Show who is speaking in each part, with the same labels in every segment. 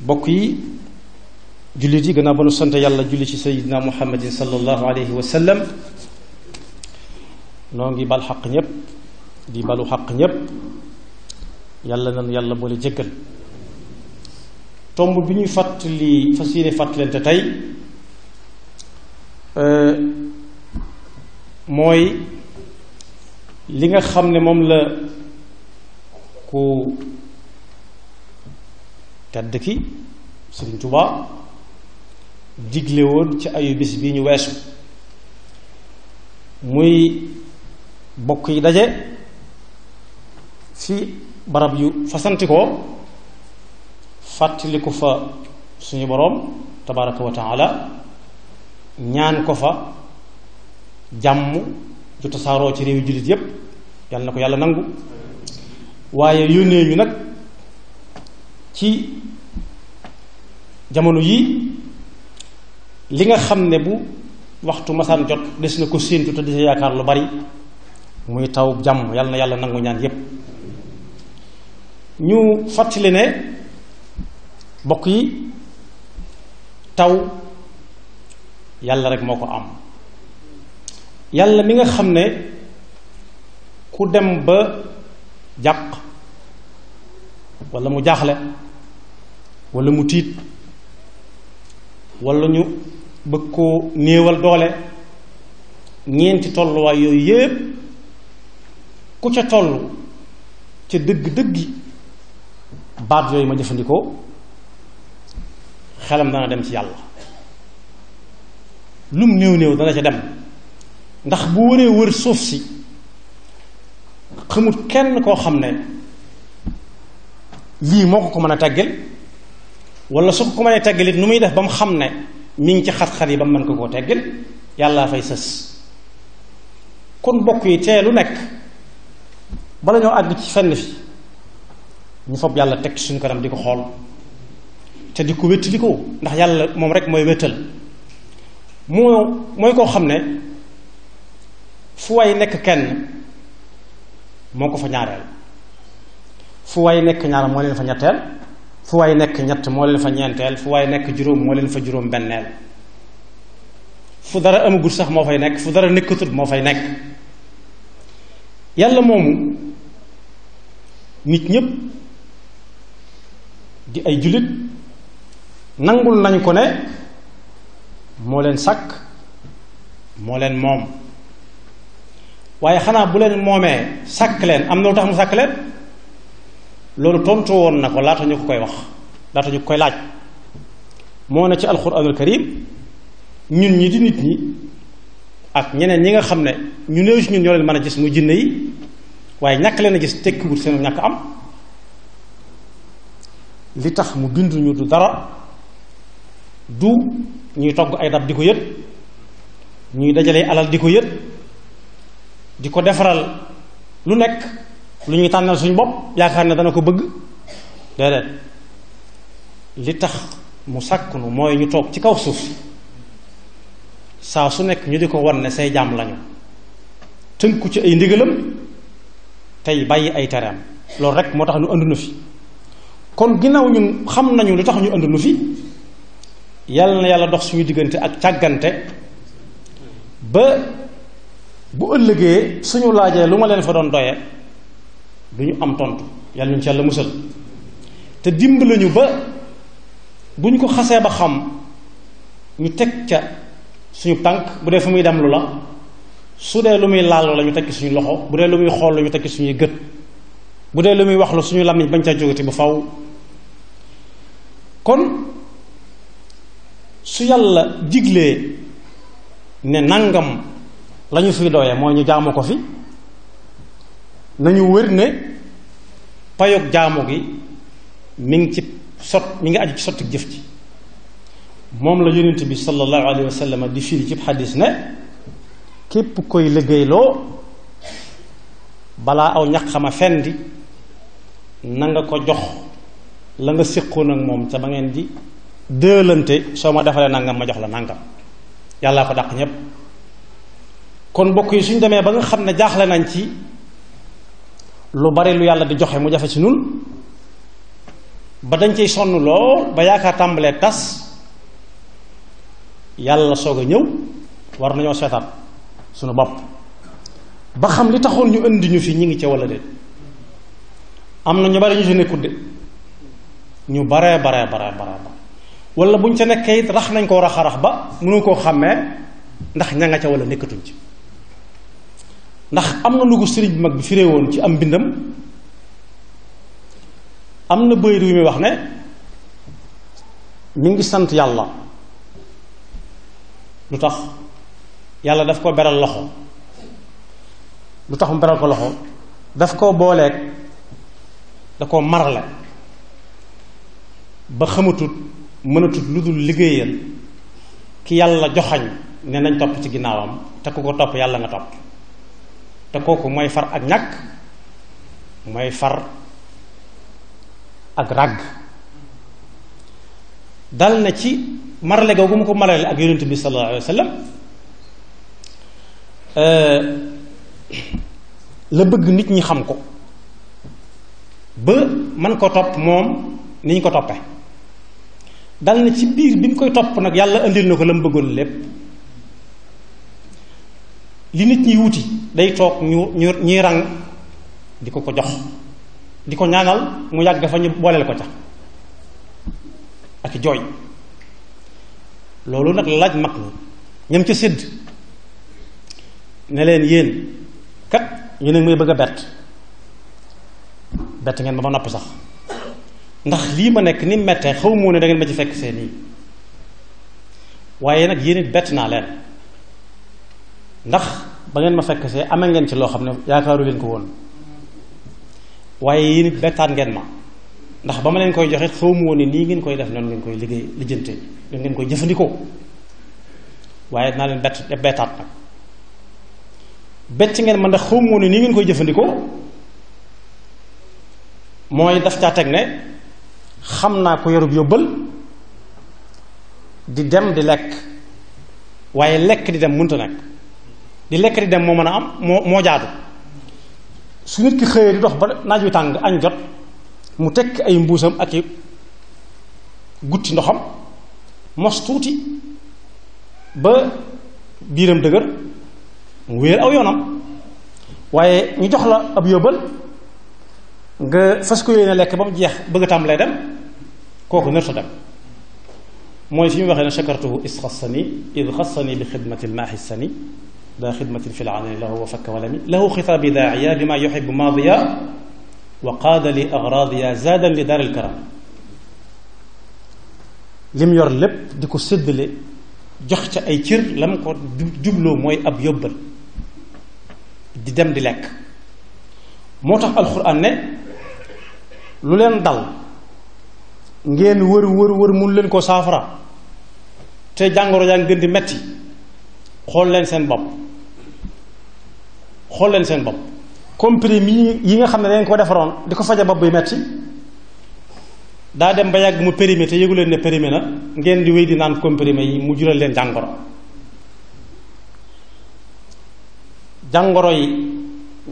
Speaker 1: bokk yi jullit yi gannaaw ba nu sant yàlla julli ci sayidina muhammadin sallallahu alayhi wa sallam noo ngi bal xaq ñépp di balu xaq ñépp yàlla nanu yàlla boole jëggal tomb bi ñuy fàttali fas yéene fàttalante tey euh, mooy li nga xam ne moom la ku tedd ki Sëriñ Tuubaa digle woon ci ayu bis bi ñu weesu muy bokk yi daje fi barab yu fasantikoo fàttaliku fa suñu boroom tabaraka wa taala ñaan ko fa jàmm ju tasaaroo ci réew jullit yépp yàlla na ko yàlla nangu waaye yónnee ñu nag ci jamono yii li nga xam ne bu waxtu masaan jot des na ko séentu te dese yaakaar lu bari muy taw jàmm yàlla na yàlla nangu ñaan yépp ñu fàttali ne bokk yi taw yàlla rek moo ko am yàlla mi nga xam ne ku dem ba jàq walla mu jaaxle walla mu tiit wala ñu bëgg koo néewal doole ñeenti tolluwaay yooyu yépp ku ca toll ca dëgg-dëggi baat yooyu ma jëfandikoo xelam dana dem ci yàlla lum néew néew dana ca dem ndax bu wëree wër suuf si xamut kenn koo xam ne lii moo ko ko mën a teggel wala su ko ko mënee teggalit nu muy def ba mu xam ne mi ci xat-xat yi ba mu mën ko koo teggil yàllaa fay sës kon bokk yi tee lu nekk bala ñoo àgg ci fenn fi ñu fob yàlla teg ci suñu kanam di ko xool te di ko wétti ndax yàlla moom rek mooy wéttal moo mooy koo xam ne fu way nekk kenn moo ko fa ñaareel fu way nekk ñaar moo leen fa ñetteel fu waay nekk ñett moo leen fa ñeenteel fu waay nekk juróom moo leen fa juróom benneel fu dara amagul sax moo fay nekk fu dara nekkatul moo fay nekk yàlla moomu nit ñépp di ay jullit nangul nañ ko ne moo leen sàkk moo leen moom waaye xanaa bu leen moomee sàkk leen am na lu tax mu sàkk leen loolu tontu woon na ko laata ñu ko koy wax laata ñu ko koy laaj moo ne ci alquranul karim ñun ñi di nit ñi ak ñeneen ñi nga xam ne ñu néew si ñun ñoo leen mën a gis muy jinne yi waaye ñàkk leen a gis tekkiwut seen ñàkk am li tax mu binduñu du dara du ñuy togg ay dab di ko yët ñuy dajalee alal di ko yët di ko defaral lu nekk lu ñuy tànnal suñu bopp yaakaar ne dana ko bëgg déedéet li tax mu sàkkunu mooy ñu toog ci kaw suuf saa su nekk ñu di ko wan ne say jaam lañu tënku ci ay ndigalam tey bàyyi ay tereem loolu rek moo tax ñu ënd nu fi kon ginnaaw ñun xam nañu lu tax ñu ënd fi yàlla na yàlla dox suñu diggante ak càggante ba bu ëllëgee suñu laajee lu ma leen fa doon doye du ñu am tontu yàlla ñu ci yàlla musal te dimbali ñu ba bu ñu ko xasee ba xam ñu teg ca suñu tànk bu dee fu muy dem lu la su dee lu muy laal la ñu tekki suñu loxo bu dee lu muy xool la ñu tekki suñuy gët bu dee lu muy wax la suñu làmmiñ bañ caa jógati bu faw kon su yàlla jiglee ne nangam la ñu fiy doyee mooy ñu jaamu ko fi nañu wër ne payoog jaamu gi mi ngi ci sot mi ngi aju ci sotti jëf ji moom la yonent bi sallallahu alayhi wa sallam di firi ci xadis ne képp koy liggéeyloo balaa aw ñax ñaqama fendi na nga ko jox la nga séqoon ak moom ca ba ngeen di dëlante soo ma defalee nangam ma jox la nàngam yàllaa ko dàq ñépp kon mbokk yi suñ demee ba nga xam ne jaaxle nañ ci lu bari lu yàlla di joxe mu jafe si nun ba dañ ciy sonn loo ba yaakaar tàmbalee tas yàlla soog a ñëw war nañoo seetaat sunu bopp ba xam li taxoon ñu indi ñu fi ñu ngi ca wala déet am na ñu bari ñu ci nekkut de ñu bare baree baree baree wala buñ ca nekkee it rax nañ koo rax a rax ba mënu koo xàmmee ndax ña ca wala nekkatuñ ci ndax am na lu ko sëriñ mag bi firee woon ci am mbindam am na bëyit wi muy wax ne mi ngi sant yàlla lu tax yàlla daf ko beral loxo lu tax mu beral ko loxo daf koo booleeg da koo marale ba xamatut mënatut lu dul liggéeyal ki yàlla joxañ ne nañ topp ci ginnaawam te ku ko topp yàlla nga topp te kooku mooy far ak ñàkk mooy far ak ràgg dal na ci marale googu mu ko marale ak yonent bi sallallahu alayhi wa sallam euh, la bëgg nit ñi xam ko ba man ko topp moom ni ñu ko toppe dal na ci biir bi mu koy topp nag yàlla indil na ko la mu bëggoon lépp li nit ñi wuti day toog ñu ñu ñuy rang di ko ko jox di ko ñaanal mu yàgg fa ñu booleel ko ca ak jooy loolu nag laaj mag ñi ñam ca sédd ne leen yéen kat ñu ne may bëgg a bett bett ngeen ma ba noppi sax ndax lii ma nekk ni mettee xaw moo ne da ma ci fekk seen yi waaye nag yéen it bett naa leen ndax ba ngeen ma fekk see amee ngeen ci loo xam ne yaakaaru leen ko woon waaye yéen it ngeen ma ndax ba ma leen koy joxe xaw ma woon ne nii ngeen koy def noonu ngeen koy liggéey lijjante noonu ngeen jëfandikoo waaye dinaa leen bett bettaat nag bett ngeen ma ndax xaw ma woon nii ngeen koy jëfandikoo mooy daf caa teg ne xam naa ko yorub yóbbal di dem di lekk waaye lekk di dem mënta nekk di lekk di dem moo mën a am moo moo jaadu su nit ki xëyee di dox ba naaj wi tàng añ jot mu tekk ay mbuusam ak i gutti ndoxam mos tuuti ba biiram dëgër mu wéer aw yoonam waaye ñu jox la ab yóbbal nga fas ko yéene lekk ba mu jeex bëgga bëgg lay dem kooku nërta dem mooy fi mu waxee ne shakartuhu is xassani id xassani li xidmati lmaaxi sani daa xidmatin fi laalani lahu wa fakka walami lahu xitaabi daaiya lépp di ko séddale jox ca ay cir lam ko jubloo mooy ab yóbbal di dem di lekk moo tax alxuraan lu leen dal ngeen wër leen ko saafara te jàngoro yaa ngi di metti xool leen seen bopp xool leen seen bopp comprimé yi nga xam ne dañ ko defaroon di ko faja bopp bi metti daa dem ba yàgg mu périmé te yëgu leen ne périmé na ngeen di wéy di naan comprimé yi mu jural leen jàngoro jàngoro yi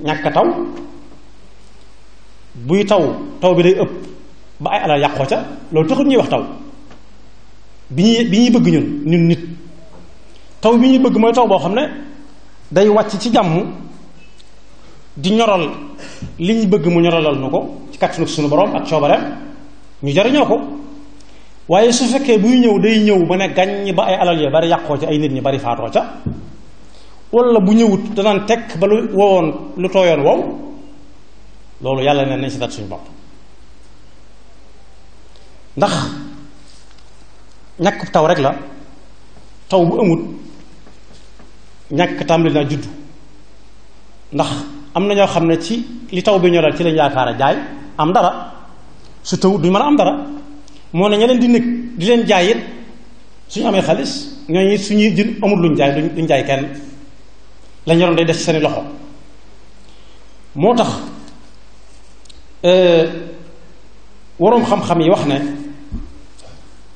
Speaker 1: ñàkk taw buy taw taw bi day ëpp ba ay alal yàqoo ca loolu taxul ñuy wax taw bi bi ñuy bëgg ñun ñun nit taw bi ñuy bëgg mooy taw boo xam ne day wàcc ci jàmm di ñoral liñ bëgg mu ñoralal nu ko ci kàttanu suñu borom ak coobareem ñu jariñoo ko waaye su fekkee buy ñëw day ñëw ba ne gàññ ba ay alal ya bari yàqoo ca ay nit ñi bari faatoo ca walla bu ñëwut danaan tekk ba lu wowoon lu tooyoon wow loolu yàlla ne nañ seetaat suñu bopp ndax ñàkk taw rek la taw bu amut ñàkk tàmbali naa juddu ndax am na ñoo xam ne ci li taw bi ñoral ci lañ yaakaar a jaay am dara su tawut duñ mën a am dara moo ne ña leen di nekk di leen jaay it suñu amee xaalis ñooñu suñuy jën amul luñ jaay luñ duñ jaay kenn lañ yoroon day def ci seeni loxo moo tax euh, waroom xam-xam yi wax ne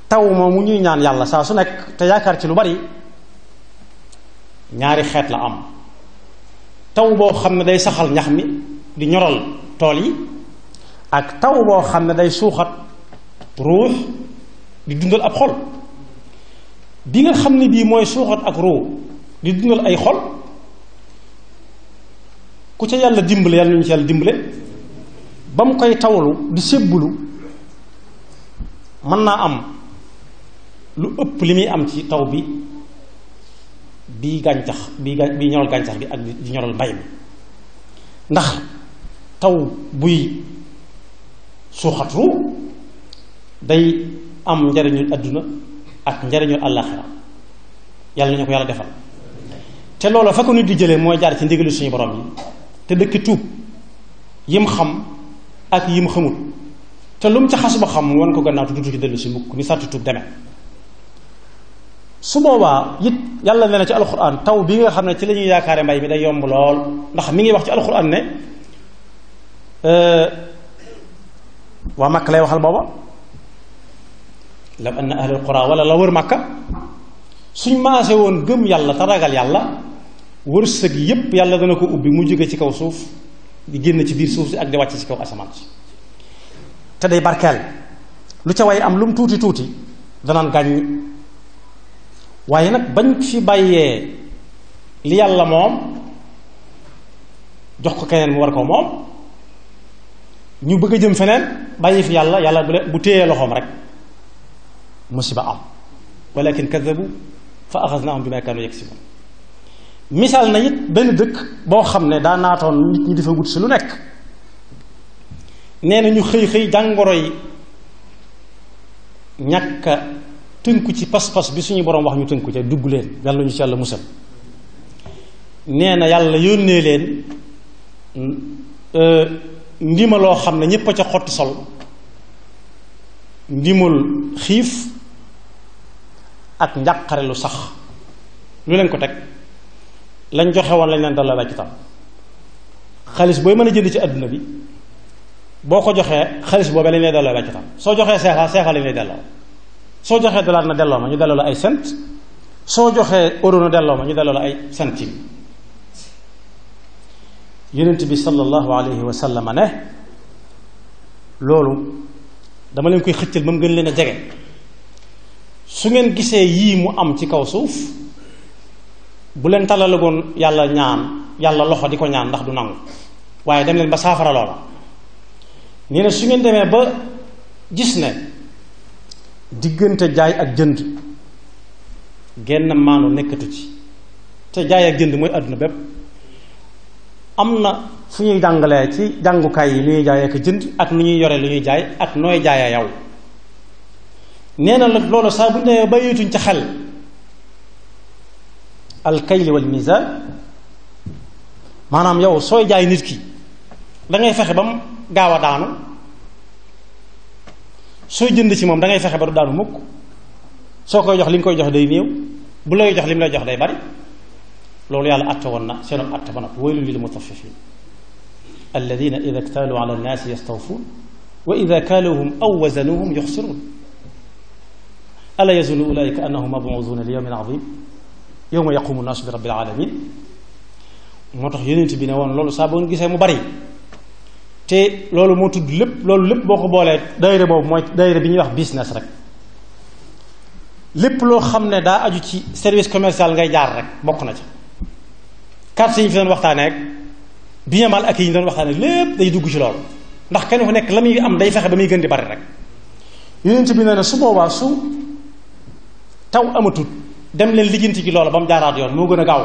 Speaker 1: taw moomu ñuy ñaan yàlla saa su nekk te yaakaar ci lu bari ñaari xeet la am taw boo xam ne day saxal ñax mi di ñoral tool yi ak taw boo xam ne day suuxat ruux di dundal ab xol bi nga xam ne bii mooy suuxat ak ruux di dundal ay xol ku ca yàlla dimbale yàlla nañu ci yàlla dimbale ba mu koy tawlu di sébbulu mën naa am lu ëpp li muy am ci taw bi bii gàncax bii ga bii ñoral gàncax bi ak di ñoral mbay mi ndax taw buy suuxatu day am njariñu àdduna ak njariñu àllaaxira yàlla nañu ko yàlla defal te loola fa ko nit di jëlee mooy jaar ci ndigalu suñu borom yi te dëkk tuub yim xam ak yim xamul te lu mu ca xas ba xam woon ko gannaaw te dutu ci dellu si mukk ni sartu tuub demee su boobaa it yàlla nee na ci alxuraan taw bi nga xam ne ci la ñuy yaakaare mbay mi day yomb lool ndax mi ngi wax ci alxuraan ne waa Makka lay waxal booba lam anna ahlul qura wala la wër Makka suñ maase woon gëm yàlla te ragal yàlla sëg yépp yàlla dana ko ubbi mu jóge ci kaw suuf di génn ci biir suuf si ak di wàcc ci kaw asamaan te day barkeel lu ca way am lu mu tuuti tuuti danaan gàññ waaye nag bañ fi bàyyee li yàlla moom jox ko keneen mu war ko moom ñu bëgg a jëm feneen bàyyi fi yàlla yàlla bu bu téyee loxoom rek musiba am walakin kaddabu fa axaznaahum bimaa kaanu yaksibuun misaal na it benn dëkk boo xam ne daa nit ñi dafa wut si lu nekk nee na ñu xëy xëy jàngoro yi ñàkk tënku ci pas-pas bi suñu borom wax ñu tënku ca dugg leen yàlla nañu ci yàlla musal nee na yàlla yónnee leen euh, ndima loo xam ne ñépp a ca xotti sol ndimul xiif ak njàqare lu sax lu leen ko teg lañ joxe woon lañ leen dalal la ci tam xaalis booy mën a jënd ci àdduna bi boo ko joxee xaalis boobee lañ lay delloo la tam soo joxee seexa seexa lañ lay delloo soo joxee dollar na delloo ma ñu delloo la ay cent soo joxee euro delloo ma ñu delloo la ay centime yonent bi sallallahu alayhi wa sallam ne loolu dama leen koy xëccal ba mu gën leen a jege su ngeen gisee yii mu am ci kaw suuf bu leen talalagoon yàlla ñaan yàlla loxo di ko ñaan ndax du nangu waaye dem leen ba saafara loola nee na su ngeen demee ba gis ne diggante jaay ak jënd genn maanu nekkatu ci te jaay ak jënd mooy àdduna bépp am na fu ñuy jàngalee ci jàngukaay yi li ñuy jaay ak jënd ak nu ñuy yore li ñuy jaay ak nooy jaay yow nee na loolu saa bu ñu nee ci xel alkayli wal maanaam yow sooy jaay nit ki dangay fexe ba mu gaaw a daanu soo jënd ci moom da ngay fexe ba du daanu mukk soo koy jox li nga koy jox day néew bu lay jox li mu lay jox day bari loolu yàlla atte woon na seenoon atte ba noppi waylun lil mutaffifin alladina ida ktaaluu ala nnaasi yastawfuun wa ida kaaluuhum aw wazanuuhum yuxsiruun ala yazunnu ulaika moo tax yonent bi ne woon loolu saa boo gisee mu bari te loolu moo tudd lépp loolu lépp boo ko boolee daayira boobu mooy daayira bi ñuy wax business rek lépp loo xam ne daa aju ci service commercial ngay jaar rek bokk na ca carte yi ñu fi doon waxtaanee ak bien mal ak yi ñu doon waxtaanee lépp day dugg ci loolu ndax kenn ku nekk la muy am day fexe ba muy gën di bari rek yonent bi nee na su boobaa su taw amatut dem leen lijjanti ci loolu ba mu jaaraat yoon moo gën a gaaw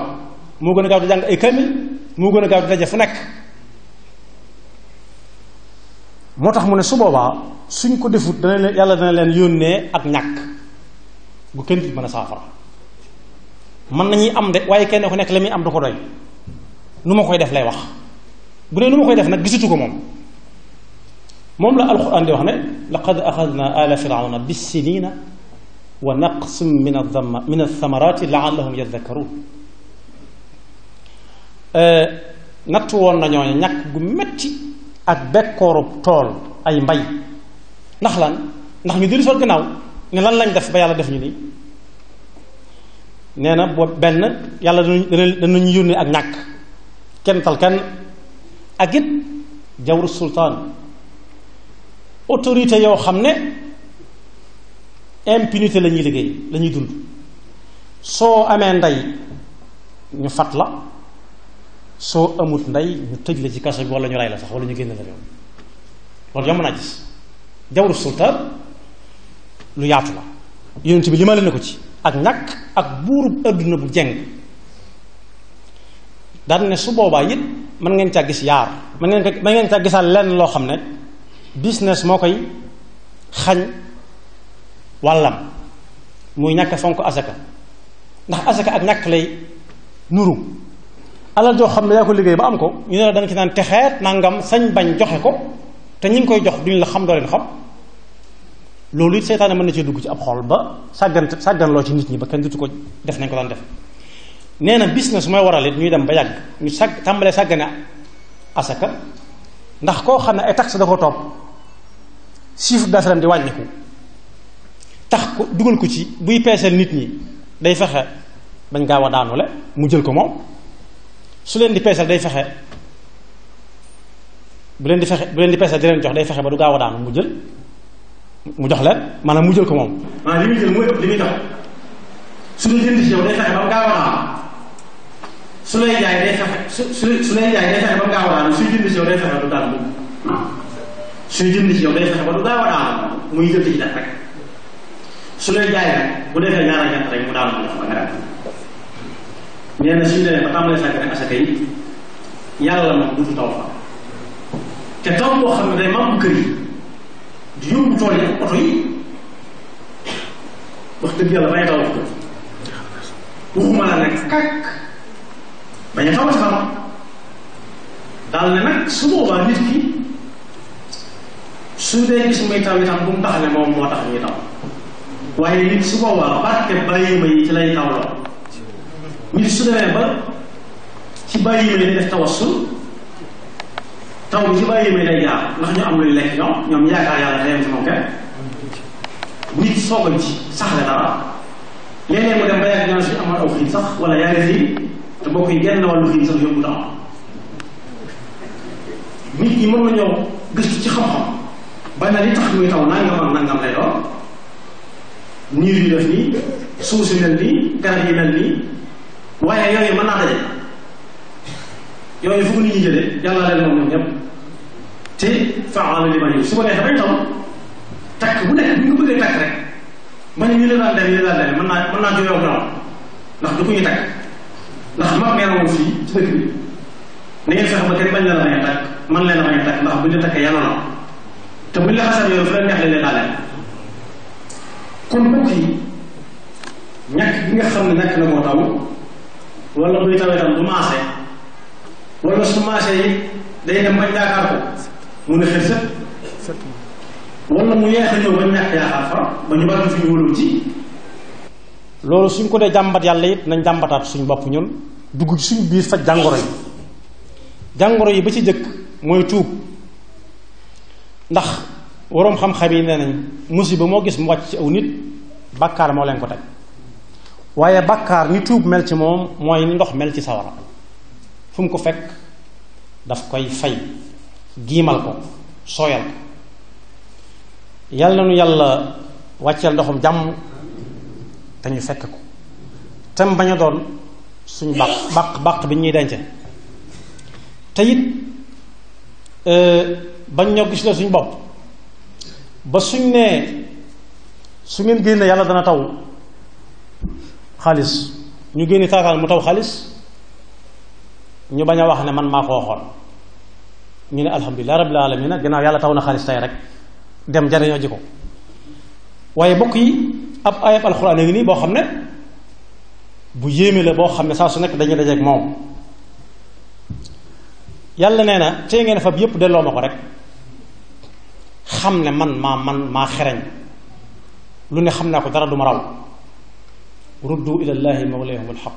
Speaker 1: moo gën a gaaw di jàng ay kamil moo gën a gaaw di daje moo tax mu ne su boobaa suñ ko defut dana leen yàlla dana leen yónnee ak ñàkk bu kenn mën a saafara mën nañuy am de waaye kenn ku nekk la muy am du ko doy nu ma koy def lay wax bu dee nu ma koy def nag gisatu ko moom moom la alquran di wax ne laqad axadna ala firawna bissinina wa naqsim min adama min athamarati laallahum yadakkaruun natt woon na ñooñu ñàkk gu metti ak bekkoorub tool ay mbay ndax lan ndax ñu diri sol gannaaw ne lan lañ def ba yàlla def ñu nii nee na boo benn yàlla dana dana ñu yónnee ak ñàkk kenn tal kenn ak it jawru sultaan autorité yoo xam ne impunité la ñuy liggéey lañuy ñuy dund soo amee ndey ñu fat la soo amut ndey ñu tëj la ci kaso bi wala ñu rey la sax wala ñu génn la réew loolu yomb naa gis jawru sultaan lu yaatu la yonent bi limale na ko ci ak ñàkk ak buurub adduna bu jeng daan ne su boobaa it mën ngeen caa gis yaar mën ngeen ko mën ngeen caa gisaal lenn loo xam ne business moo koy xañ wàllam muy ñàkk fonk asaka ndax asaka ak ñàkk lay nuru alal joo xam ne yaa ko liggéey ba am ko ñu ne la danga ci naan texeet nangam sañ bañ joxe ko te ñi ngi koy jox duñ la xam doo leen xam loolu it seytaane mën na cee dugg ci ab xool ba sàggan sàggan loo ci nit ñi ba kenn dutu ko def nañ ko daan def nee na bis su may waral it ñuy dem ba yàgg ñu sàgg tàmbalee sàggane asaka ndax koo xam ne ay taxe da ko topp chiffre d'affaires di wàññiku tax ko dugal ko ci buy peeseel nit ñi day fexe bañ gaaw a daanule mu jël ko moom su leen di peesal day fexe bu leen di fexe leen di peesal di jox day fexe ba du gaaw a mu jël mu jox leen maanaam mu jël ko moom. maanaam li muy su dee jënd jaay day fexe su muy jël ci def rek su jaay bu defee ñaar ak ñett rek mu daanu mu def nee na suñu demee ba tàmbalee sàggane asaka yi yàlla moom duutu taw fa te taw boo xam ne day màbb kër yi di yóbbu tool yi ak oto yi wax dëgg yàlla bañ a taw ko waxuma la nag kàkk bañ a taw ci sama daal ne nag su boobaa nit ki moo tax ñuy taw waaye nit su boobaa barke bàyyi ma yi ci lay taw lool nit su demee ba ci su ma def tawassul taw bi ci bàyyi ma day jaar ndax ñu am luy lekk ñoom ñoom yaakaar yàlla day am ci kenn nit soogal ci saxle dara léeg-léeg mu dem ba yàgg ñaan si amal sax wala yaa ngi xiin te mbokk yi genn wàllu na li tax muy taw nangam ak waaye yooyu mën naa daje yooyu fu nit ñi jëlee yàlla leen moom ñoom ñëpp te faalu li ma ñëw su ko neexee bañ tam takk bu nekk bu ñu bëggee takk rek ma ñu ne daan dem ñu ne daan dem naa mën naa jooyoo bañ leen a bañ a takk man leen a bañ a takk ndax buñ la takkee yàlla la te buñ la leen neex leen daal kon mbokk yi xam ne nekk na koo taw wala buy tawee tam du maase wala su maase yi day dem bañ yaakaar ko mu ne xel sëpp wala mu yeex a ñëw bañ yaakaar fa ba ñu bari fi ñu wóolu ci loolu suñ ko dee jàmbat yàlla it nañ jàmbataat suñ bopp ñun dugg ci suñ biir faj jàngoro yi jàngoro yi ba ci jëkk mooy tuub ndax waroom xam-xam yi nee nañ musiba moo gis mu wàcc ci aw nit bàkkaar moo leen ko teg waaye bàkkaar ni tuub mel ci moom mooy ndox mel ci sawara fu mu ko fekk daf koy fay giimal ko sooyal ko yàlla nu yàlla wàcceel ndoxum jàmm te ñu fekk ko tam bañ a doon suñ bàq bàq bàq bi ñuy dence te it e, bañ ñoo gis la suñ bopp ba suñ nee su ngeen génne yàlla dana taw xaalis ñu génne taakaal mu taw xaalis ñu bañ a wax ne man maa ko waxoon ñu ne alhamdulilah rabbil alamina gannaaw yàlla taw na xaalis tey rek dem jariñoo ji ko waaye bokk yi ab ayab alxuraan ngi nii boo xam ne bu yéeme la boo xam ne saa su nekk dañuy dajeeg moom yàlla nee na tey ngeen fab yépp delloo ma ko rek xam ne man maa man maa xereñ lu ne xam naa ko dara du ma raw ruddu ila llahi mawlayahum alxaq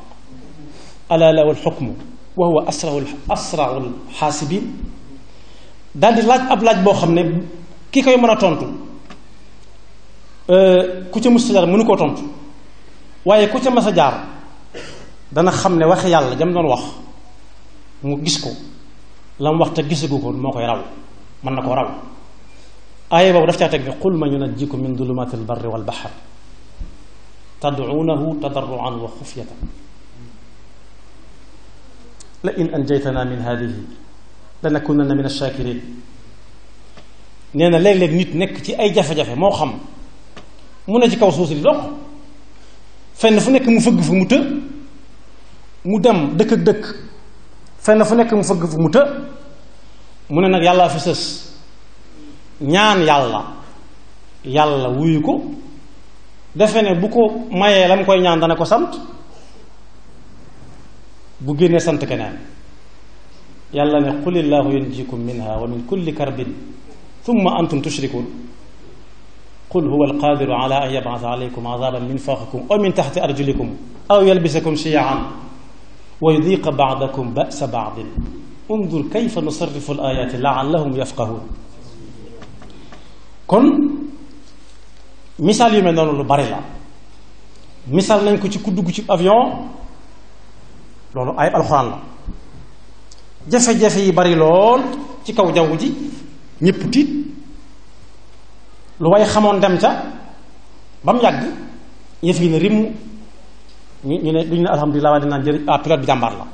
Speaker 1: ala lahu alxukmu wa huwa asraul asraul xaasibin daal di laaj ab laaj boo xam ne kii koy mën a tontu euh, ku ca musta jaar mënu koo tontu waaye ku ca mas a jaar dana xam ne wax yàlla jam doon wax mu gis ko la wax te gisagu ko moo koy raw mën na ko raw aaya boobu daf caa teg ne qul man yunajjikum min dulumaati albarri wal baxar tadcuunahu tadarruan wa xufyatan la in anjaytana min haadihi lanakunanna min alshaakirin nee na léeg-léeg nit nekk ci ay jafe-jafe moo xam mu ne ci kaw suuf si di dox fenn fu nekk mu fëgg fu mu të mu dem dëkk ak dëkk fenn fu nekk mu fëgg fu mu të mu ne nag yàllaa fi sës ñaan yàlla yàlla wuyu ko defe ne bu ko mayee lam koy ñaan dana ko sant bu génnee sant keneen yàlla ne qulillaahu yunjikum minha wa min kulli karbin thumma antum tushrikun qul huwa alqadiru ala an yabasa alaykum azaban min fawqikum aw min taxti arjulikum aw yalbisakum shiyaan wa yudiqa baadakum basa baadin undur kayfa nusarrifu al ayaati laallahum yafqahun kon misaal yu mel noonu lu bari la misaal nañ ko ci ku dugg ci avion loolu ay alxuraan la jafe-jafe yi bari lool ci kaw jaww ji ñépp tiit lu way xamoon dem ca bam mu yàgg yëf yi ne rimm ñu ñu ne duñu ne alhamdulilah waaye dinaan jëriñ ah pilote bi jàmbaar la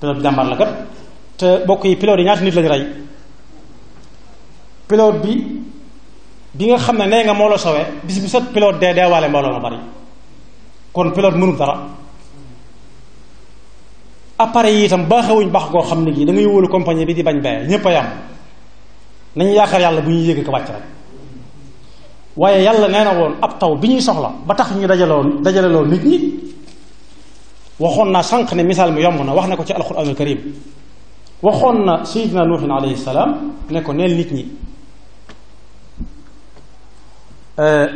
Speaker 1: pilote bi jàmbaar la kat te bokk yi pilote yi ñaata nit lañu rey pilote bi bi nga xam ne nee nga moo la sowee bisi bu set pilote dee deewaale mbooloo ma bari kon pilote mënul dara appareil yi itam baaxewuñ baax koo xam ne gii da ngay wóolu compagnie bi di bañ bee ñépp a yam nañu yaakaar yàlla bu ñuy yëg ko wàcc rek waaye yàlla nee na woon ab taw bi ñuy soxla ba tax ñu dajaloon dajaleloo nit ñi waxoon naa sànq ne misaal mi yomb na wax na ko ci alxuraanul karim waxoon na sayyidina nuuhin alayhi salaam ne ko neel nit ñi Euh,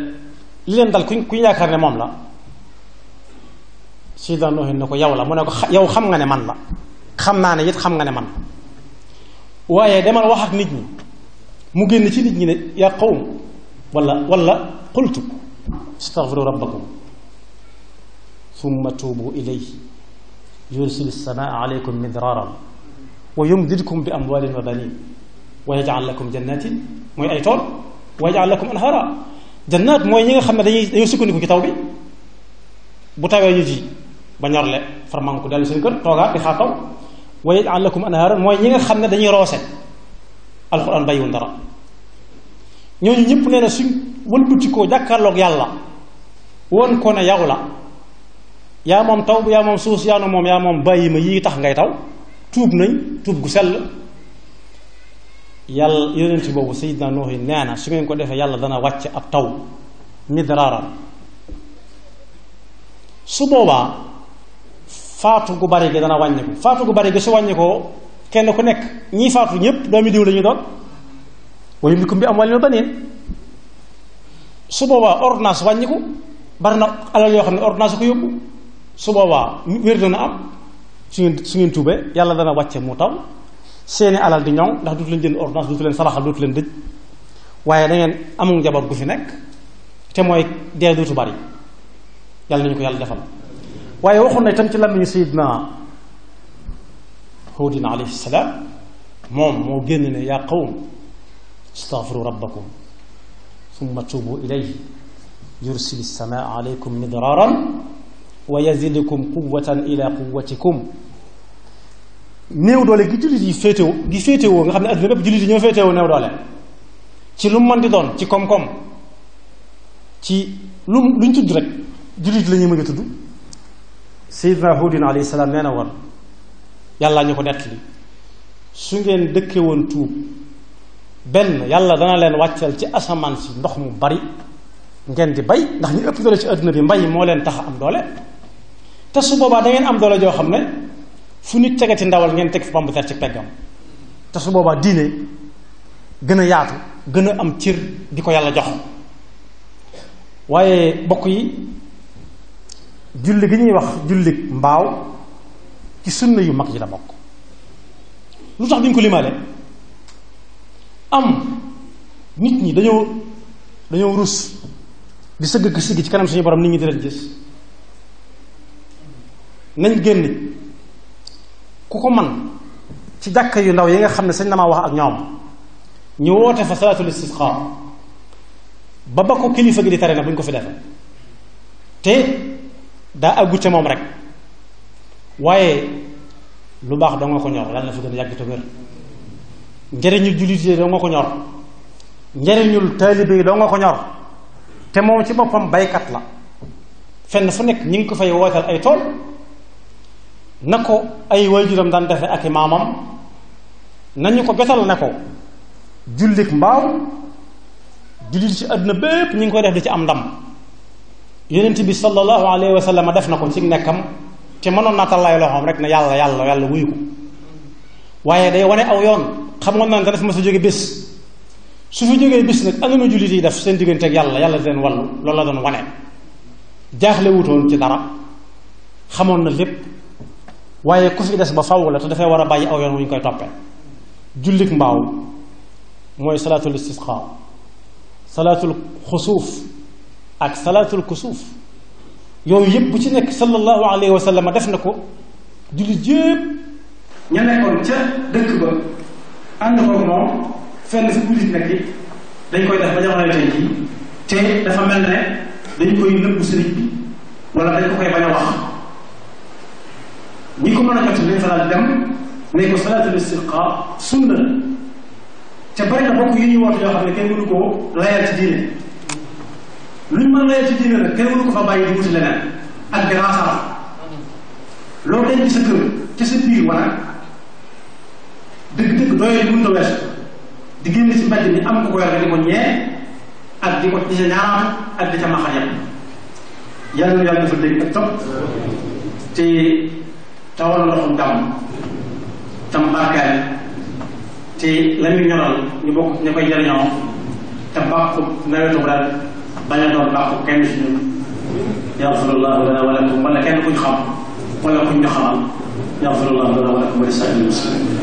Speaker 1: li leen dal kuñ yaakaar ne moom la seytaan ne ko yow la mu ne ko yow xam nga ne man la xam naa ne it xam nga ne man waaye demal waxak ak nit ñi mu génn ci nit ñi ne yaa wala wala qultu astaghfiru rabbakum summa tuubu ilayhi yursil samaa alaykum midraaran wa yumdidkum bi amwaalin wa baniin wa lakum jannatin mooy ay tool wa lakum anhaara jannaat mooy ñi nga xam ne dañuy dañoo sukkandiku ci taw bi bu tawee ñu ji ba ñorle farmanku dellu seen kër toogaat di xaar taw wa yaj'al lakum anhaaran mooy ñi nga xam ne dañuy roose alxuraan bàyyiwul dara ñooñu ñëpp nee na suñ wëlbutikoo jàkkaarloog yàlla woon ko ne yow la yaa moom taw yaa moom suuf yaa moom yaa moom bàyyi ma yii tax ngay taw tuub nañ tuub gu sell yàlla yonent boobu sayidna Nuux nee na su ngeen ko defee yàlla dana wàcce ab taw midraaran su boobaa faatu gu bari gi dana wàññiku faatu gu bari gi su wàññikoo kenn ku nekk ñii faatu ñépp doomi diw la ñu doon wa yumdikum bi amwaalin wa baniin su boobaa ordonnance wàññiku bari na alal yoo xam ne ordonnance ko yóbbu su boobaa wér dana am su ngeen su ngeen tuubee yàlla dana wàcce mu taw seeni alal di ñoŋ ndax dootu leen jënd ordonnance dootu leen saraxal dootu leen dëj waaye da ngeen amul gu fi nekk te mooy dee dootu bari yàlla nañu ko yàlla defal waaye waxoon na itam ci làmmiñu sayidna Huudin alayhi salaam moom moo génn ne yaa qawm astaghfiru rabbakum summa tuubu ilayhi yursili samaa alaykum midraaran wa yazidukum quwwatan ila quwwatikum néew doole gi jullit yi féetewoo gi féetewoo nga xam ne adduna bépp jullit yi ñoo féetewoo néew doole ci lu mu mën di doon ci koom-koom ci lu lu ñu tudd rek jullit la ñuy mën a tudd Seydina Hudin alayhi salaam nee na woon yàlla ñu ko nettali su ngeen dëkkee woon tuub benn yàlla dana leen wàcceel ci asamaan si ndox mu bari ngeen di bay ndax ñu ëpp doole ci adduna bi mbay moo leen tax a am doole te su boobaa da am doole joo xam ne fu nit tegati ndawal ngeen teg fi pomme de ci peggam te su boobaa diine gën a yaatu gën a am cir di ko yàlla jox waaye bokk yi julli gi ñuy wax julli mbaaw ci sunna yu mag yi la bokk lu tax duñ ko limaale am nit ñi dañoo dañoo rus di sëgg ki sigg ci kanam suñu borom nit ñi di gis nañ génn ku ko man ci jàkka yu ndaw yi nga xam ne sañ na maa wax ak ñoom ñu woote fa salaatul istisqa ba ba ko kilifa gi di tere na bu ñu ko fi defee te daa àggu ca moom rek waaye lu baax doo ko ñor yàlla na fi gën a yàgg te wér jullit yi doo nga ko ñor njëriñul taalibe doo nga ko ñor te moom ci boppam baykat la fenn fu nekk ñi ngi ko fay wootal ay tool na ko ay waajuram daan defe ak i maamam nañu ko betal ne ko jullit mbaaw jullit ci àdduna bépp ñu ngi koy def di ci am ndam yonent bi sallallahu alayhi wa sallam def na ko ci nekkam te mënoon naa tallaay loxoom rek na yàlla yàlla yàlla wuyu ko waaye day wane aw yoon xamoon naa ne def ma sa jóge bés su fi jógee bés nag andoona jullit yi def seen diggante ak yàlla yàlla di leen wallu loolu la doon wane jaaxle wutoon ci dara xamoon na lépp waaye ku fi des ba faw la te dafay war a bàyyi aw yoon wu ñu koy toppee jullik mbaaw mooy salaatul istisqa salaatul xusuuf ak salaatul kusuuf yooyu yëpp bu ci nekk sallallahu alayhi wa def na ko jullit yëpp ña nekkoon ca dëkk ba ànd koog moom fenn fu jullit nekk dañ koy def ba jamono tey jii te dafa mel ne dañ koy nëbbu sëriñ bi wala dañ ko koy bañ a wax ñi ko mën a jot nañ fa daal dem ne ko salaatul istiqa sunna la te bari bokk yu ñuy woote yoo xam ne kenn mënu koo layal ci diine luñ mën layal ci diine nag kenn mënu ko fa bàyyi di wuti leneen ak di raasaal loolu dañ ci sa kër ci sa biir wala di mënut a weesu di génn ci mbedd am ko ko yore di ko ñee ak di ko di sa ñaaraatu ak di ca maxal yàlla yàlla na yàlla defal tawal ndoxum gàmm tam barkeel te la ñu ñoral ñu bokk ñu koy jëriñoo te bàqu nawetu ren bañ a doon bàqu kenn si ñun yaxfirullahu lana wa kenn kuñ xam wala kuñ ñu xamal yaxfirullahu lana wa lakum wa lisaa'iril muslimin